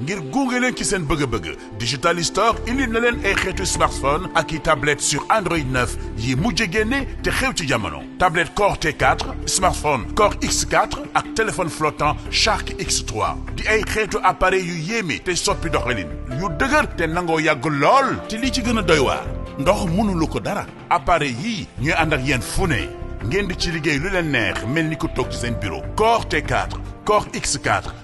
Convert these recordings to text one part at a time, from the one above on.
ngir gunge leen ci seen bëgg-bëgg digital store indil na leen ay xeetu smartphone ak i tablette sur Android 9 yi mujj génne te xew ci jamono tablette Core T4 smartphone Core X4 ak téléphone flottant chaque x di ay xeetu appareil yu yéeme te soppi doxalin yu dëgër te nangoo yàgg lool te li ci gën a doy waar ndox mënulu ko dara appareil yii ñuy ànd ak yéen fu ne ngeen di ci liggéey lu leen neex mel ni ku toog ci seen bureau Core T4 Core x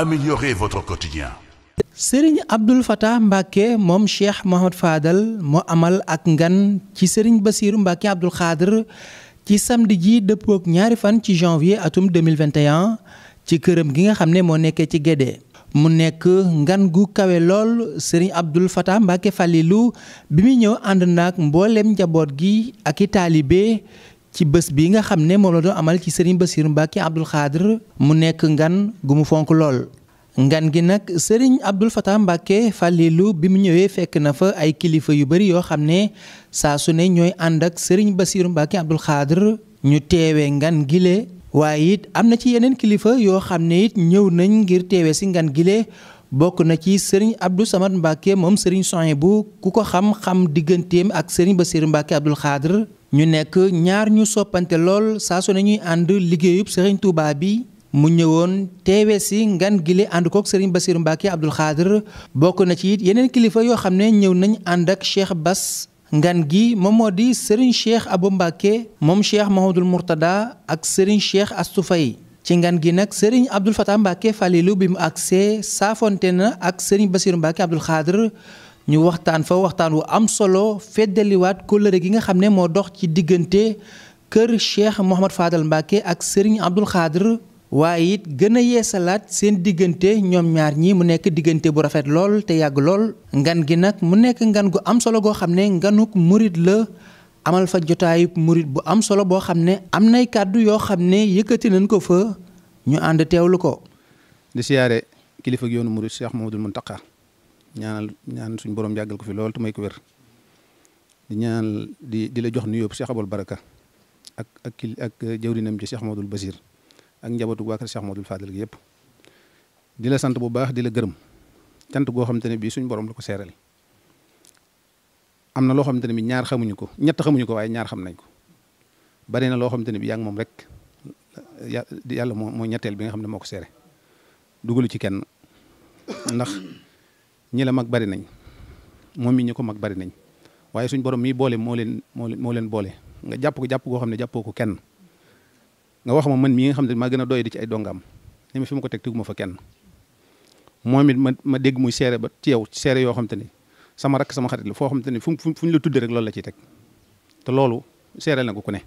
améliorer votre quotidien. sëriñ Abdul Fatah Mbacke moom Cheikh Mohamed Fadal moo amal ak ngan ci sëriñ basir Mbacke Abdul Xaadir ci samedi ji dëppook ñaari fan ci janvier atum 2021 ci këram gi nga xam ne moo nekkee ci Gédé. mu nekk ngan gu kawe lool sëriñ Abdul Fatah Mbacke Falilu bi muy ñëw ànd naag mbooleem njaboot gi ak i taalibe ci bés bii nga xam ne moom la doon amal ci sëriñ Bassirou Mbacké Abdoul Khadr mu nekk ngan gu mu fonk lool. ngan gi nag sëriñ Abdoul Fatah Mbacké Fallilou bi mu ñëwee fekk na fa ay kilifa yu bari yoo xam ne saa su ne ñooy ànd ak sëriñ Bassirou Mbacké Abdoul Khadr ñu teewee ngan gile waaye it am na ci yeneen kilifa yoo xam ne it ñëw nañ ngir teewe si ngan gile bokk na ci sëriñ Abdou Samad Mbacké moom sëriñ Sohibou bu ku ko xam xam digganteem ak sëriñ Bassirou Mbacké Abdoul ñu nekk ñaar ñu soppante lool saa su ñuy ànd liggéeyub Serigne Touba bi mu ñëwoon teewe si ngan gile ànd kook Serigne Bassirou Mbacké Abdoul Khadr bokk na ci it yeneen kilifa yoo xam ne ñëw nañu ànd ak Cheikh bas ngan gi moom moo di Serigne Cheikh Abou Mbacké moom Cheikh Mahamadul Mourtada ak Serigne Cheikh Astou Faye ci ngan gi nag Serigne Abdoul Fatah Mbacké Falilou bi mu agsee saafonte na ak Serigne Bassirou Mbacké Abdoul Khadr ñu waxtaan fa waxtaan wu am solo feddaliwaat kóllëre gi nga xam ne moo dox ci diggante kër Cheikh Mouhamad Fadal Mbacke ak Serigne Abdoul Khadr waaye it gën a yeesalaat seen diggante ñoom ñaar ñi mu nekk diggante bu rafet lool te yàgg lool. ngan gi nag mu nekk ngan gu am solo goo xam ne nganuk murit la amal fa jotaayu murit bu am solo boo xam ne am nay kàddu yoo xam ne yëkkati nañ ko fa ñu ànd teewlu ko. di siyaare kilifa yoonu murit Cheikh Mouhamadoul ñaanal ñaan suñu borom yàggal ko fi loolu te may ko wér di ñaanal di la jox nuyoo Cheikh Abul Baraka ak ak kii ak jawrinam ji Cheikh Modou Basir ak njabootu waa kër Cheikh Modou Fadel gi di la sant bu baax di la gërëm cant goo xamante ne bii suñu borom la ko seeral am na loo xamante ne bii ñaar xamuñu ko ñett xamuñu ko waaye ñaar xam nañ ko bari na loo xamante ne bii yaa moom rek yàlla moo ñetteel bi nga xam ne moo ko seere dugalu ci kenn ndax. ñi la mag bari nañ moom mi ñu ko mag bari nañ waaye suñ borom mii boole moo leen moo moo leen boole nga jàpp ko jàpp goo xam ne jàppoo ko kenn nga wax ma man mii nga xam ne maa gën a doy di ci ay dongam ni ma fi ma ko teg teguma fa kenn moom it ma ma dégg muy seere ba ci yow seere yoo xam te ni sama rakk sama xarit la foo xam te ni fu fu ñu la tuddee rek loolu la ciy teg te loolu seereel la ko ku ne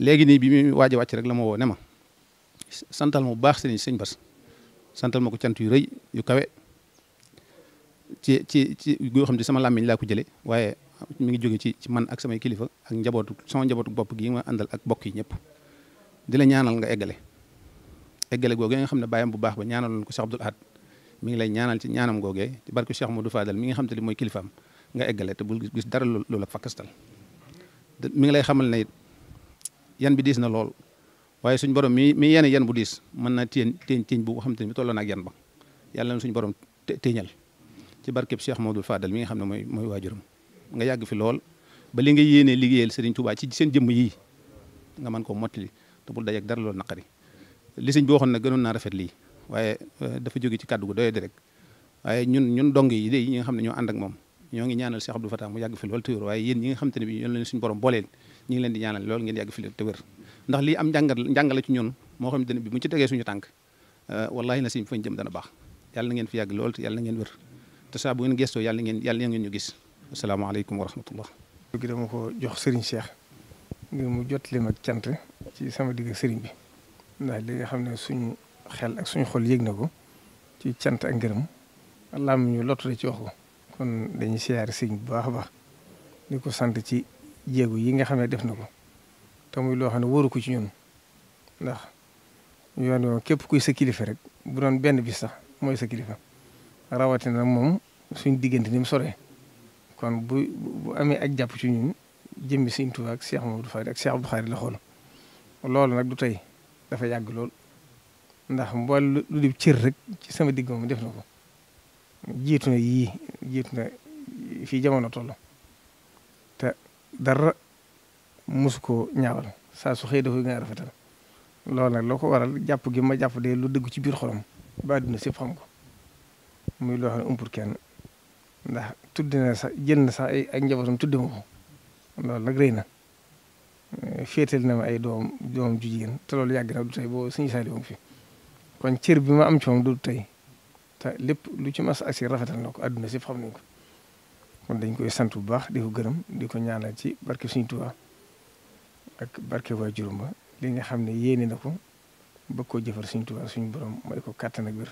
léegi nii bi muy waaj a wàcc rek la ma woo ne ma santal ma bu baax sëñ sëñ Bas santal ma ko cant yu rëy yu kawe ci ci ci yoo xam ne sama làmmiñ laa ko jële waaye mi ngi jóge ci ci man ak samay kilifa ak njabootu sama njabootu bopp gi ma àndal ak bokk yi ñëpp di la ñaanal nga eggale eggale googee nga xam ne baayam bu baax ba ñaanaloon ko Cheikh Abdoul Ahad mi ngi lay ñaanal ci ñaanam googee ci barke Cheikh Modou Fadal mi nga xam te li mooy kilifaam nga eggale te bul gis dara loolu ak fakkastal mi ngi lay xamal ne yan bi diis na lool waaye suñ borom mi mi yene yan bu diis mën naa téen téen téen bu xam te ni tolloon ak yan ba yàlla na suñu borom téeñal ci barkeb Cheikh Maodou Fadal mi nga xam ne mooy mooy waajuram nga yàgg fi lool ba li nga yéenee liggéeyal seen jëm yii nga mën koo mottali te bul dajeeg dara loolu naqari li sëñ bi waxoon na gënoon naa rafet lii waaye euh, dafa jóge ci kàddu gu doyee di rek waaye ñun xam ne ñoo ànd moom ñoo ngi ñaanal Cheikh Abdou Fatah mu yàgg fi lool te wér nga xam te ne bi ñoo leen suñu borom booleen ñi ngi leen ndax lii am njàngal njàngale ci ñun moo xam ne bi mu ci tegee suñu tànk euh, wallahi na siñ fañ jëm dana baax yàlla na ngeen fi yàgg lool te yàlla na ngeen wér te saa bu ngeen gëstoo yàlla ngeen yàlla ngeen gis asalaamaaleykum wa rahmatullah gi dama ko jox Serigne Cheikh ngir mu lim ak cant ci sama digg Serigne bi ndax li nga xam ne suñu xel ak suñu xol yéeg na ko ci cant ak ngërëm allah mu ñu lottu ci wax ko kon dañuy siyaare Serigne bu baax a baax di ko sant ci jéego yi nga xam ne def na ko te muy loo xam ne waru ko ci ñun ndax yoon képp kuy sa kilifa rek bu doon benn bis sax mooy sa kilifa rawatina moom suñ diggante ni mu soree kon bu bu amee ak jàpp ci ñun jëmmi Sëriñ Tuubaa ak Cheikh Mamadou Fadi ak Cheikh Abdou Khadre la loolu nag du tey dafa yàgg lool ndax mbool lu rek ci sama digg def na ko jiitu yii jiitu na fii jamono toll te dara mosu ko ñaawal saa su dafa gën a loolu nag loo ko waral jàpp gi ma jàpp de lu dëgg ci biir xolam ba àdduna sépp xam ko muy loo xam ne umpur kenn ndax tudd na sax jël na ay ak njabootam tudd ma ko loolu nag rëy na féetal na ma ay doom doom ju jigéen te loolu yàgg na du tey boo suñu saali fi kon cër bi ma am ci moom du tey te lépp lu ci mas ak si rafetal na ko àdduna si xam nañ ko dañ koy sant bu baax di ko gërëm di ko ñaanal ci barke suñu ak barke waa juróom ba nga xam ne yéene na ko bëgg koo jëfar suñu Tuubaa suñu borom mooy ko kàttan ak wér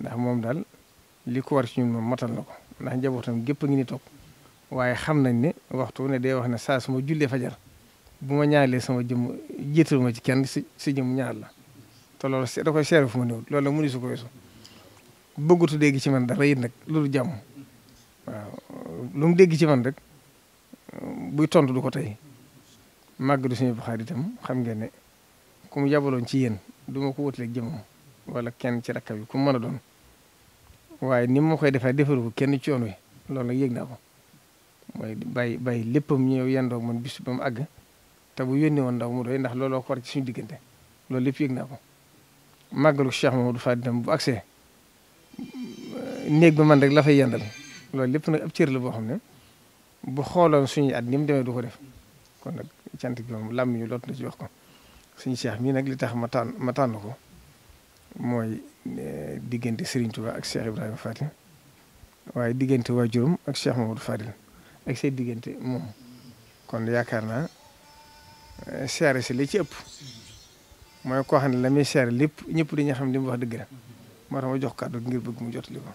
ndax moom daal li ko war ci ñun moom matal na ko ndax njabootam gépp a ngi ni toog waaye xam nañ ne waxtu ne day wax ne saa suma jullee fajar bu ma ñaalee sama jëm jiitaluma ci kenn si si jëm ñaar la te loolu da koy seere fu ma néew loolu la mu ni su ko weesu bëggutu dégg ci man dara it nag loolu jàmm waaw lu ci man rek buy tontu du ko tey màgg du suñu baxaar itam xam ngeen ne ku mu yabaloon ci yéen du ma ko wutaleeg jëmmam wala kenn ci rakab yi ku mën a doon waaye ni ma koy defee defaru ko kenn ci yoon wi loolu nag yëg naa ko mooy bay bàyyi léppam ñëw yendoo man bis ba mu àgg te bu yónnee woon ndaw mu doy ndax looloo ko ci suñu diggante loolu lépp yëg naa ko màggalu Cheikh Mamadou Fadilou bu àggsee néeg ba man rek la fay loolu lépp nag ab cër la boo xam ne bu xooloon suñuy at ni mu demee du ko def kon nag cant gi moom làmm lot na ci wax ko suñu Cheikh mii nag li tax ma tànn ma tànn ko. mooy eh, diggante Serigne Touba ak Cheikh Ibrahima Faty waaye diggante waajuram ak Cheikh Mamadou Fadil ak seen diggante moom kon yaakaar naa eh, seere si li ci ëpp mooy koo xam ne la muy seere lépp ñëpp dañuy xam li mu wax dëgg la moo tax ma jox kàddu ngir bëgg mu jot li ko